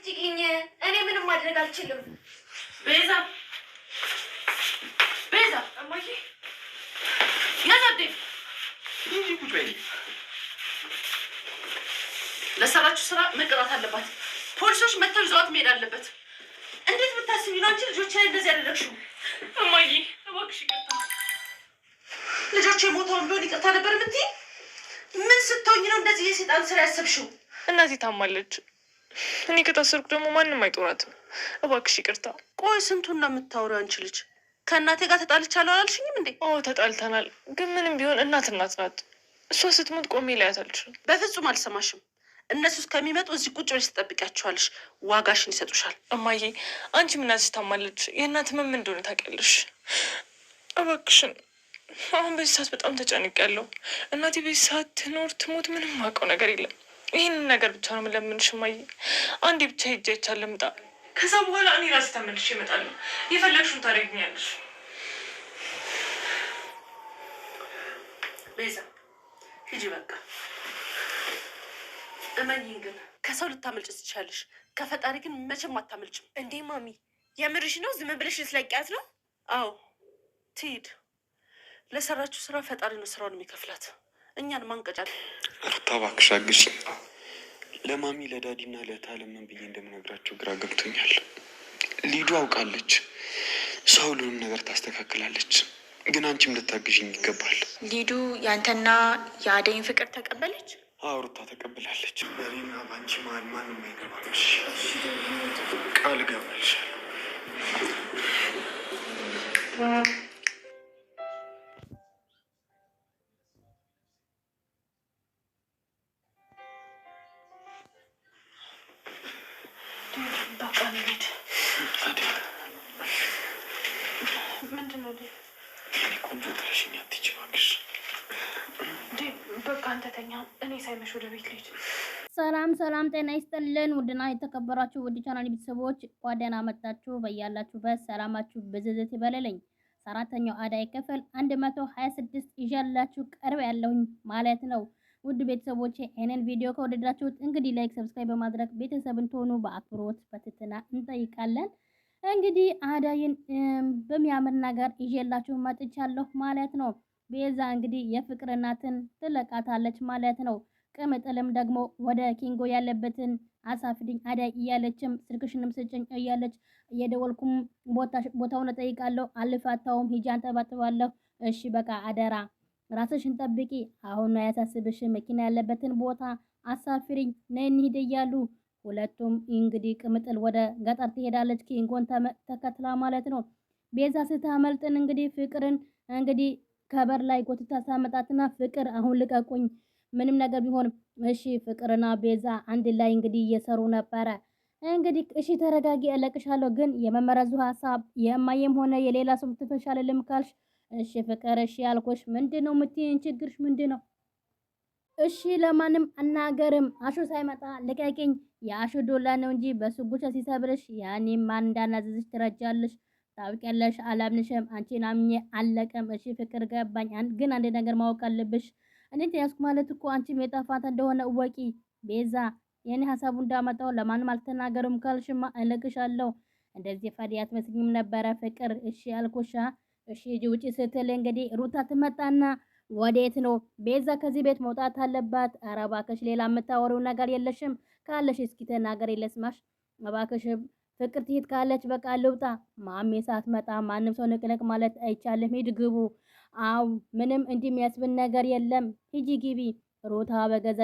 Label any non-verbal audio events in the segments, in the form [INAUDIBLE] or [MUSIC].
አትጭቂኝ። እኔ ምንም ማድረግ አልችልም። ቤዛ ቤዛ፣ እማዬ ለሰራችሁ ስራ መቀጣት አለባት። ፖሊሶች መጥተው ይዘዋት መሄድ አለበት። እንዴት ብታስቢ ነው አንቺ ልጆች ላይ እንደዚህ ያደረግሽው? እማዬ እባክሽ ይቅርታ። ልጆች የሞተውን ቢሆን ይቅርታ ነበር የምትይ? ምን ስትሆኝ ነው እንደዚህ የሴጣን ስራ ያሰብሽው? እናቴ ታማለች። እኔ ከታሰርኩ ደግሞ ማንም አይጦራትም። እባክሽ ይቅርታ። ቆይ ስንቱን ነው የምታወሪው አንቺ ልጅ? ከእናቴ ጋር ተጣልቻለሁ አላልሽኝም እንዴ? ኦ ተጣልተናል፣ ግን ምንም ቢሆን እናት እናት ናት። እሷ ስትሞት ቆሜ ላያት አልችልም። በፍጹም አልሰማሽም። እነሱ እስከሚመጡ እዚህ ቁጭ ብለሽ ትጠብቂያቸዋለሽ። ዋጋሽን ይሰጡሻል። እማዬ፣ አንቺ ምናት ስታማለች የእናት ህመም እንደሆነ ታውቂያለሽ። እባክሽን አሁን በዚህ ሰዓት በጣም ያለው እናቴ በዚህ ሰዓት ትኖር ትሞት ምንም አውቀው ነገር የለም። ይህን ነገር ብቻ ነው የምለምንሽ እማዬ። አንዴ ብቻ ሂጅ አይቻል ልምጣ። ከዛ በኋላ እኔ ራሴ ተመልሼ እመጣለሁ። የፈለግሽውን ታደርጊኛለሽ። ቤዛ ሂጂ በቃ። እመኝኝ ግን ከሰው ልታመልጭ ትችያለሽ፣ ከፈጣሪ ግን መቼም አታመልጭም። እንዴ ማሚ የምርሽ ነው? ዝም ብለሽ ስለቂያት ነው? አዎ ትሂድ። ለሰራችሁ ስራ ፈጣሪ ነው ስራውን የሚከፍላት። እኛን ማንቀጫ እርታ እባክሽ አግሽ ለማሚ ለዳዲና ለታለምን ብዬ እንደምነግራቸው ግራ ገብቶኛል። ሊዱ አውቃለች፣ ሰው ሁሉንም ነገር ታስተካክላለች። ግን አንቺም ልታግዥኝ ይገባል። ሊዱ ያንተና የአደይን ፍቅር ተቀበለች? አዎ ሩታ ተቀብላለች። በኔና በአንቺ መሀል ማንም አይገባምሽ፣ ቃል እገባልሻለሁ። ሰላም ሰላም፣ ጤና ይስጥልን ውድና የተከበራችሁ ውድ ቻናል ቤተሰቦች ጓደና መጣችሁ። በያላችሁበት ሰላማችሁ ብዝዝት ይበለለኝ። ሰራተኛው አዳይ ክፍል 126 ይዣላችሁ ቀርብ ያለሁኝ ማለት ነው። ውድ ቤተሰቦች ይህንን ቪዲዮ ከወደዳችሁት እንግዲህ ላይክ፣ ሰብስክራይብ በማድረግ ቤተሰብ እንትሆኑ በአክብሮት በትትና እንጠይቃለን። እንግዲህ አዳይን በሚያምር ነገር ይዤላችሁ መጥቻለሁ ማለት ነው። ቤዛ እንግዲህ የፍቅር እናትን ትለቃታለች ማለት ነው። ቅምጥልም ደግሞ ወደ ኪንጎ ያለበትን አሳፍድኝ አዳይ እያለችም ስልክሽንም ስጭኝ እያለች የደወልኩም ቦታውን እጠይቃለሁ፣ አልፋታውም፣ ሂጂ አንጠባጥባለሁ። እሺ በቃ አደራ ራስሽን ጠብቂ፣ አሁን አያሳስብሽ፣ መኪና ያለበትን ቦታ አሳፍሪኝ፣ ነይ እንሂድ እያሉ ሁለቱም እንግዲህ ቅምጥል ወደ ገጠር ትሄዳለች፣ ኪንጎን ተከትላ ማለት ነው። ቤዛ ስታመልጥን እንግዲህ ፍቅርን እንግዲህ ከበር ላይ ጎትታ ሳመጣትና ፍቅር አሁን ልቀቁኝ ምንም ነገር ቢሆን እሺ ፍቅርና ቤዛ አንድ ላይ እንግዲህ እየሰሩ ነበረ። እንግዲህ እሺ ተረጋጊ፣ እለቅሻለሁ ግን የመመረዙ ሀሳብ የማየም ሆነ የሌላ ሰው ትፈሽ አለልም ካልሽ እሺ ፍቅር፣ እሺ ያልኩሽ ምንድን ነው የምትይኝ? ችግርሽ ምንድን ነው? እሺ ለማንም አናገርም። አሹ ሳይመጣ ልቀቂኝ። የአሹ ዶላ ነው እንጂ በሱጉሻ ሲሰብርሽ ያኔ ማን እንዳናዘዝሽ ትረጃለሽ። ታውቂያለሽ፣ አላምንሽም። አንቺን አምኜ አለቀም። እሺ ፍቅር፣ ገባኝ። ግን አንድ ነገር ማወቅ አለብሽ እኔ ተያዝኩ ማለት እኮ አንቺም የጠፋት እንደሆነ እወቂ ቤዛ። የኔ ሀሳቡ እንዳመጣው ለማንም አልተናገርም ካልሽማ እለቅሻለሁ። እንደዚህ ፈሪ አትመስኝም ነበረ ፍቅር። እሺ አልኩሻ። እሺ ሂጂ ውጪ ስትል እንግዲህ ሩታ ትመጣና ወዴት ነው ቤዛ? ከዚህ ቤት መውጣት አለባት። ኧረ እባክሽ ሌላ የምታወሪው ነገር የለሽም? ካለሽ እስኪ ተናገሪ ልስማሽ እባክሽ። ፍቅር ትሂድ ካለች በቃ ልውጣ። ማሜ ሳትመጣ ማንም ሰው ንቅንቅ ማለት አይቻልም። ሂድ ግቡ አው ምንም እንደሚያስብን ነገር የለም። ሂጂ ግቢ። ሮታ በገዛ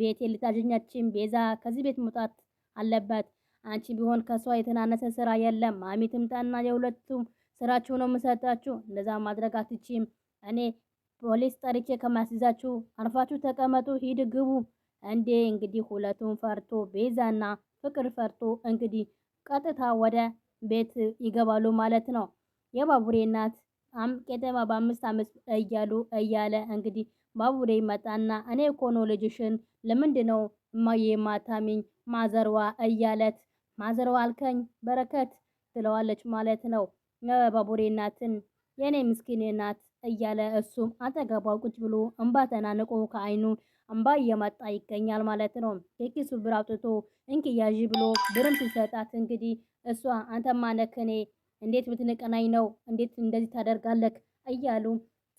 ቤቴ ልታጀኛችን ቤዛ ከዚህ ቤት መውጣት አለባት። አንቺ ቢሆን ከሷ የተናነሰ ስራ የለም። ማሚ ትምጣና የሁለቱም ስራችሁ ነው የምሰጣችሁ። እንደዛ ማድረግ አትችም። እኔ ፖሊስ ጠርቼ ከማስይዛችሁ አርፋችሁ ተቀመጡ። ሂድ ግቡ። እንዴ እንግዲህ ሁለቱም ፈርቶ ቤዛና ፍቅር ፈርቶ እንግዲህ ቀጥታ ወደ ቤት ይገባሉ ማለት ነው። የባቡሬ እናት ከተማ በአምስት ዓመት እያሉ እያለ እንግዲህ ባቡሬ ይመጣና እኔ እኮ ነው ልጅሽን ለምንድን ነው እማዬ ማታሚኝ ማዘርዋ እያለት ማዘርዋ አልከኝ በረከት ትለዋለች ማለት ነው። ባቡሬ እናትን የእኔ ምስኪን ናት እያለ እሱም አጠገቧ ቁጭ ብሎ እንባ ተናንቆ ከአይኑ እንባ እየመጣ ይገኛል ማለት ነው። የኪሱ ብር አውጥቶ እንኪያዥ ብሎ ብርም ሲሰጣት እንግዲህ እሷ አንተማነክኔ። እንዴት ብትንቀናኝ ነው? እንዴት እንደዚህ ታደርጋለክ? እያሉ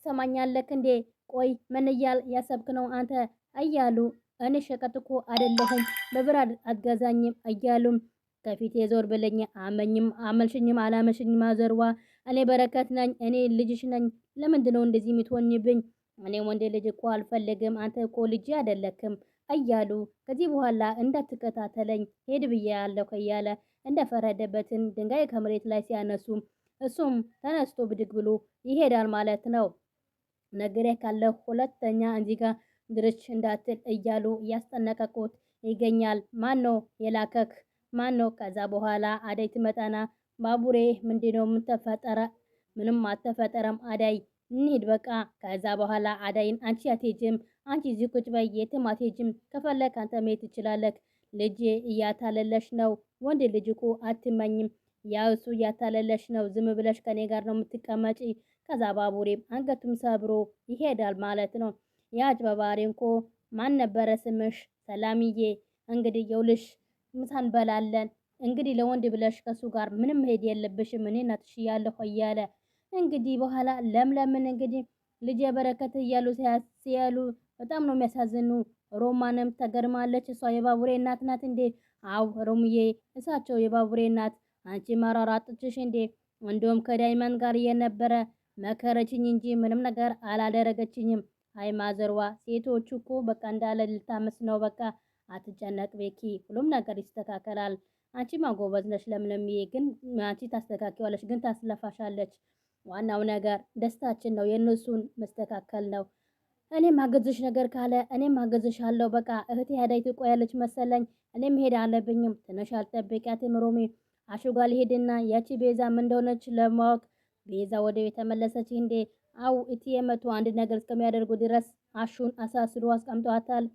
ሰማኛለክ እንዴ? ቆይ ምን ያሰብክ ነው አንተ? እያሉ እኔ ሸቀጥ እኮ አይደለሁም በብር አትገዛኝም እያሉ ከፊት ዞር ብለኝ አመኝም አመልሽኝም አላመልሽኝም አዘርዋ እኔ በረከት ነኝ፣ እኔ ልጅሽ ነኝ። ለምንድን ነው እንደዚህ የምትሆንብኝ? እኔ ወንድ ልጅ እኮ አልፈልግም፣ አንተ እኮ ልጅ አይደለክም እያሉ ከዚህ በኋላ እንዳትከታተለኝ ሄድ ብዬ ያለሁ እያለ እንደፈረደበትን ድንጋይ ከመሬት ላይ ሲያነሱ እሱም ተነስቶ ብድግ ብሎ ይሄዳል ማለት ነው። ነግሬ ካለ ሁለተኛ እዚህ ጋር ድርች እንዳትል እያሉ እያስጠነቀቁት ይገኛል። ማን ነው የላከክ? ማን ነው? ከዛ በኋላ አዳይ ትመጣና ባቡሬ ምንድነው? ምን ተፈጠረ? ምንም አልተፈጠረም። አዳይ እንሂድ በቃ። ከዛ በኋላ አዳይን አንቺ አትሄጂም፣ አንቺ እዚህ ቁጭ በይ፣ የትም አትሄጂም። ከፈለክ አንተ መሄድ ትችላለህ። ልጅ እያታለለሽ ነው። ወንድ ልጅ እኮ አትመኝም። ያው እሱ እያታለለሽ ነው። ዝም ብለሽ ከኔ ጋር ነው የምትቀመጪ። ከዛ ባቡሬም አንገቱም ሰብሮ ይሄዳል ማለት ነው። ያ አጭበርባሪ እኮ ማን ነበረ ስምሽ? ሰላምዬ። እንግዲህ የውልሽ ምሳ እንበላለን። እንግዲህ ለወንድ ብለሽ ከሱ ጋር ምንም መሄድ የለብሽም። እኔ እናትሽ እያለሁ እያለ እንግዲህ በኋላ ለምለምን እንግዲህ ልጅ የበረከት እያሉ ሲያሉ በጣም ነው የሚያሳዝኑ። ሮማንም ተገርማለች። እሷ የባቡሬ እናት ናት እንዴ? አው ሮምዬ፣ እሳቸው የባቡሬ እናት። አንቺ ጥችሽ እንዴ? እንዲሁም ከዳይመን ጋር የነበረ መከረችኝ እንጂ ምንም ነገር አላደረገችኝም። አይ ማዘርዋ፣ ሴቶቹ እኮ በቃ እንዳለ ልታመስ ነው። በቃ አትጨነቅ ቤኪ፣ ሁሉም ነገር ይስተካከላል። አንቺ ማጎበዝ ነሽ። ለምለምዬ ግን አንቺ ታስተካኪዋለሽ፣ ግን ታስለፋሻለች። ዋናው ነገር ደስታችን ነው፣ የእነሱን መስተካከል ነው። እኔ ማገዝሽ ነገር ካለ እኔ ማገዝሽ አለው። በቃ እህቴ ሄዳ ትቆያለች መሰለኝ። እኔ መሄድ አለብኝም። ትንሽ አልጠብቂያትም ሮሚ አሹጋ ሄድና ያቺ ቤዛ ምን እንደሆነች ለማወቅ ቤዛ ወደ ቤት ተመለሰች። እንዴ አው እቲ የመቶ አንድ ነገር እስከሚያደርጉ ድረስ አሹን አሳስሮ አስቀምጧታል።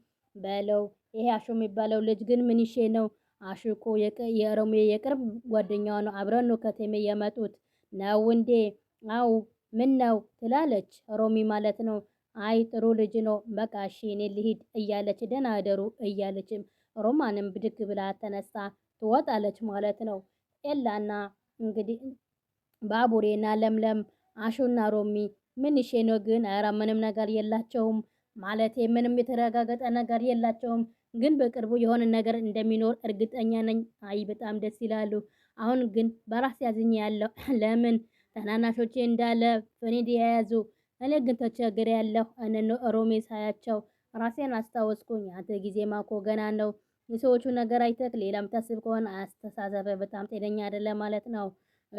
በለው ይሄ አሹ የሚባለው ልጅ ግን ምን ይሼ ነው? አሹ እኮ የቅርብ ጓደኛ ነው። አብረን ነው ከቴሜ የመጡት ነው እንዴ? አው ምን ነው ትላለች ሮሚ ማለት ነው አይ ጥሩ ልጅ ነው፣ በቃ እሺ እኔ ልሂድ እያለች ደህና አደሩ እያለች ሮማንም ብድግ ብላ ተነሳ ትወጣለች ማለት ነው። ኤላና እንግዲህ ባቡሬና ለምለም አሹና ሮሚ ምን ይሼ ነው ግን? ኧረ ምንም ነገር የላቸውም ማለት ምንም የተረጋገጠ ነገር የላቸውም፣ ግን በቅርቡ የሆነ ነገር እንደሚኖር እርግጠኛ ነኝ። አይ በጣም ደስ ይላሉ። አሁን ግን በራስ ያዝኝ ያለው ለምን ተናናሾቼ እንዳለ ፍኒድ የያዙ እኔ ግን እነ ሮሜ ሳያቸው ራሴን አስታወስኩኝ። አንተ ጊዜ ማኮ ገና ነው። የሰዎቹ ነገር አይተህ ሌላም ታስብ ከሆነ አስተሳሰበ በጣም ጤነኛ አይደለም ማለት ነው።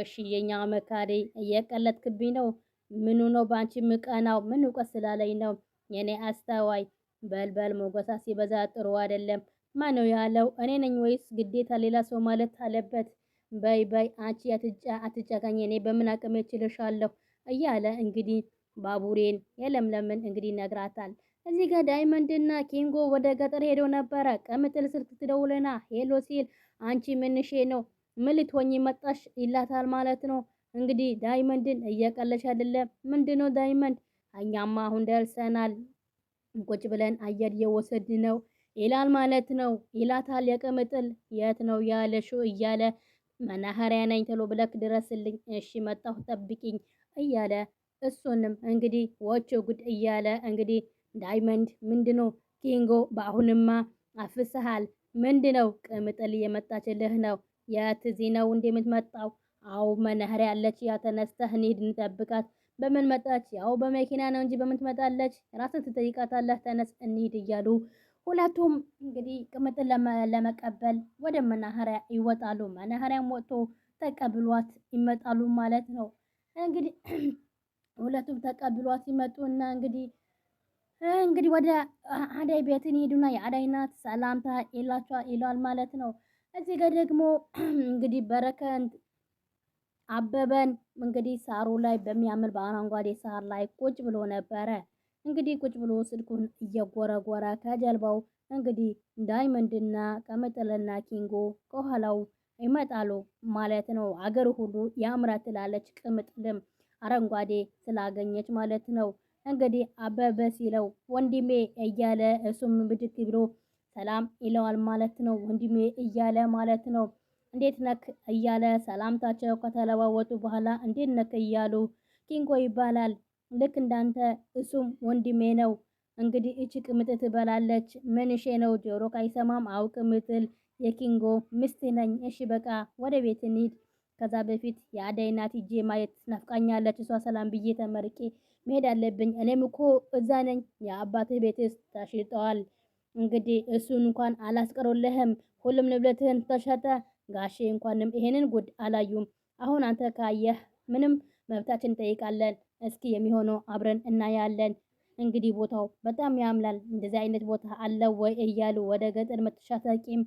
እሺ የኛ መካሪ እየቀለድክብኝ ነው። ምኑ ነው በአንቺ ምቀናው? ምን እውቀት ስላለኝ ነው? የኔ አስተዋይ በልበል ሞገሳ ሲበዛ ጥሩ አይደለም። ማን ነው ያለው? እኔ ነኝ ወይስ ግዴታ ሌላ ሰው ማለት አለበት? በይ በይ አንቺ አትጫ አትጫጋኝ እኔ በምን አቅሜ እችልሻለሁ እያለ እንግዲህ ባቡሬን የለምለምን እንግዲህ ይነግራታል። እዚህ ጋር ዳይመንድና ኪንጎ ወደ ገጠር ሄደው ነበረ። ቅምጥል ስልክ ትደውልና ሄሎ ሲል አንቺ ምንሼ ነው ምን ልትሆኚ መጣሽ ይላታል ማለት ነው። እንግዲህ ዳይመንድን እየቀለሽ አይደለም። ምንድነው ዳይመንድ? እኛማ አሁን ደርሰናል፣ ቁጭ ብለን አየር እየወሰድ ነው ይላል ማለት ነው ይላታል። የቅምጥል የት ነው ያለሽው እያለ መናኸሪያ ነኝ ተሎ ብለክ ድረስልኝ። እሺ መጣሁ ጠብቂኝ እያለ እሱንም እንግዲህ ወቾ ጉድ እያለ እንግዲህ ዳይመንድ ምንድነው ኪንጎ፣ በአሁንማ አፍስሃል ምንድነው? ቅምጥል የመጣችልህ ነው። የትዚ ነው እንደ የምትመጣው? አው መናኸሪያ ያለች ያ ተነስተህ እንሂድ እንጠብቃት። በምን መጣች? ያው በመኪና ነው እንጂ በምን ትመጣለች? ራስን ትጠይቃታለህ። ተነስ እንሂድ እያሉ ሁለቱም እንግዲህ ቅምጥል ለመቀበል ወደ መናኸሪያ ይወጣሉ። መናኸሪያም ወጥቶ ተቀብሏት ይመጣሉ ማለት ነው እንግዲህ ሁለቱም ተቀብሏት ሲመጡ እና እንግዲህ እንግዲህ ወደ አዳይ ቤትን ይሄዱና የአዳይ እናት ሰላምታ ይላቸዋል ይሏል ማለት ነው። እዚህ ጋር ደግሞ [CLEARS THROAT] እንግዲህ በረከት አበበን እንግዲህ ሳሩ ላይ በሚያምር በአረንጓዴ ሳር ላይ ቁጭ ብሎ ነበረ። እንግዲህ ቁጭ ብሎ ስልኩን እየጎረጎረ ከጀልባው እንግዲህ ዳይመንድና ቀመጠለና ኪንጎ ከኋላው ይመጣሉ ማለት ነው። አገር ሁሉ ያምራ ትላለች ቅምጥልም አረንጓዴ ስላገኘች ማለት ነው። እንግዲህ አበበ ሲለው ወንድሜ እያለ እሱም ብድግ ብሎ ሰላም ይለዋል ማለት ነው። ወንድሜ እያለ ማለት ነው። እንዴት ነክ እያለ ሰላምታቸው ከተለዋወጡ በኋላ እንዴት ነክ እያሉ ኪንጎ ይባላል። ልክ እንዳንተ እሱም ወንድሜ ነው። እንግዲህ እቺ ቅምጥ ትበላለች። ምንሼ ነው ጆሮ አይሰማም አውቅ ምትል የኪንጎ ምስት ነኝ። እሺ በቃ ወደ ቤት እንሂድ ከዛ በፊት የአዳይ እናት ሂጄ ማየት ናፍቃኛለች፣ እሷ ሰላም ብዬ ተመርቄ መሄድ አለብኝ። እኔም እኮ እዛ ነኝ። የአባትህ ቤትስ ተሽጠዋል። እንግዲህ እሱን እንኳን አላስቀሩልህም። ሁሉም ንብረትህን ተሸጠ። ጋሼ እንኳንም ይሄንን ጉድ አላዩም። አሁን አንተ ካየህ ምንም መብታችን እንጠይቃለን። እስኪ የሚሆነው አብረን እናያለን። እንግዲህ ቦታው በጣም ያምላል። እንደዚህ አይነት ቦታ አለ ወይ እያሉ ወደ ገጠር መተሻታቂም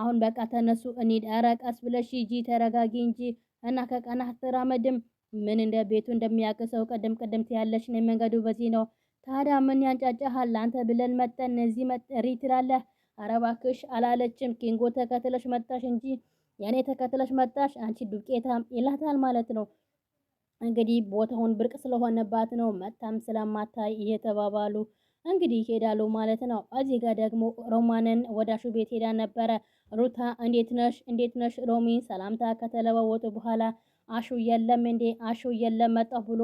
አሁን በቃ ተነሱ እንሂድ። ኧረ ቀስ ብለሽ ሂጂ ተረጋጊ እንጂ እና ከቀና ትራመድም ምን እንደ ቤቱ እንደሚያቅሰው ቀደም ቀደም ትያለሽ ነው መንገዱ በዚህ ነው። ታዲያ ምን ያንጫጫሃል? አንተ ብለን መጠን እዚህ መጠሪ ትላለህ። ኧረ እባክሽ አላለችም። ኪንጎ ተከትለሽ መጣሽ እንጂ ያኔ ተከትለሽ መጣሽ አንቺ ዱቄታም ይላታል ማለት ነው። እንግዲህ ቦታውን ብርቅ ስለሆነባት ነው መታም ስለማታይ እየተባባሉ እንግዲህ ይሄዳሉ ማለት ነው። እዚህ ጋር ደግሞ ሮማንን ወዳሹ ቤት ሄዳ ነበረ። ሩታ እንዴት ነሽ እንዴት ነሽ ሮሚ ሰላምታ ከተለዋወጡ በኋላ አሹ የለም እንዴ አሹ የለም መጣሁ ብሎ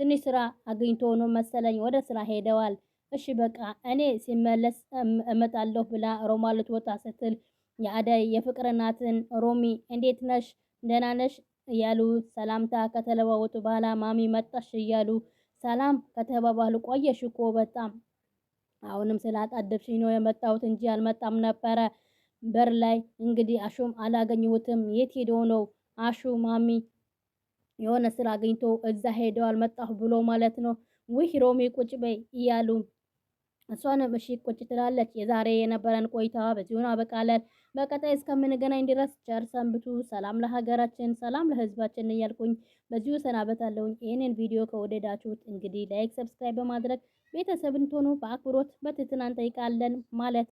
ትንሽ ስራ አግኝቶ ነው መሰለኝ ወደ ስራ ሄደዋል። እሺ በቃ እኔ ሲመለስ እመጣለሁ ብላ ሮማ ልትወጣ ስትል የአደይ የፍቅር እናትን ሮሚ እንዴት ነሽ ደህና ነሽ እያሉ ሰላምታ ከተለዋወጡ በኋላ ማሚ መጣሽ እያሉ ሰላም ከተባባሉ ቆየሽ እኮ በጣም አሁንም ስላጣደፍሽኝ ነው የመጣሁት እንጂ አልመጣም ነበረ። በር ላይ እንግዲህ አሹም አላገኘሁትም። የት ሄዶ ነው አሹ? ማሚ የሆነ ስራ አግኝቶ እዛ ሄደው አልመጣሁ ብሎ ማለት ነው። ውህ ሮሚ ቁጭ በይ እያሉ እሷንም እሺ ቁጭ ትላለች። የዛሬ የነበረን ቆይታ በዚሁን አበቃለን። በቀጣይ እስከምንገናኝ ድረስ ቸር ሰንብቱ። ሰላም ለሀገራችን፣ ሰላም ለህዝባችን እያልኩኝ በዚሁ ሰናበታለሁኝ። ይህንን ቪዲዮ ከወደዳችሁት እንግዲህ ላይክ፣ ሰብስክራይብ በማድረግ ቤተሰብን ቶኖ በአክብሮት በትህትና እንጠይቃለን ማለት